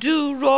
dúró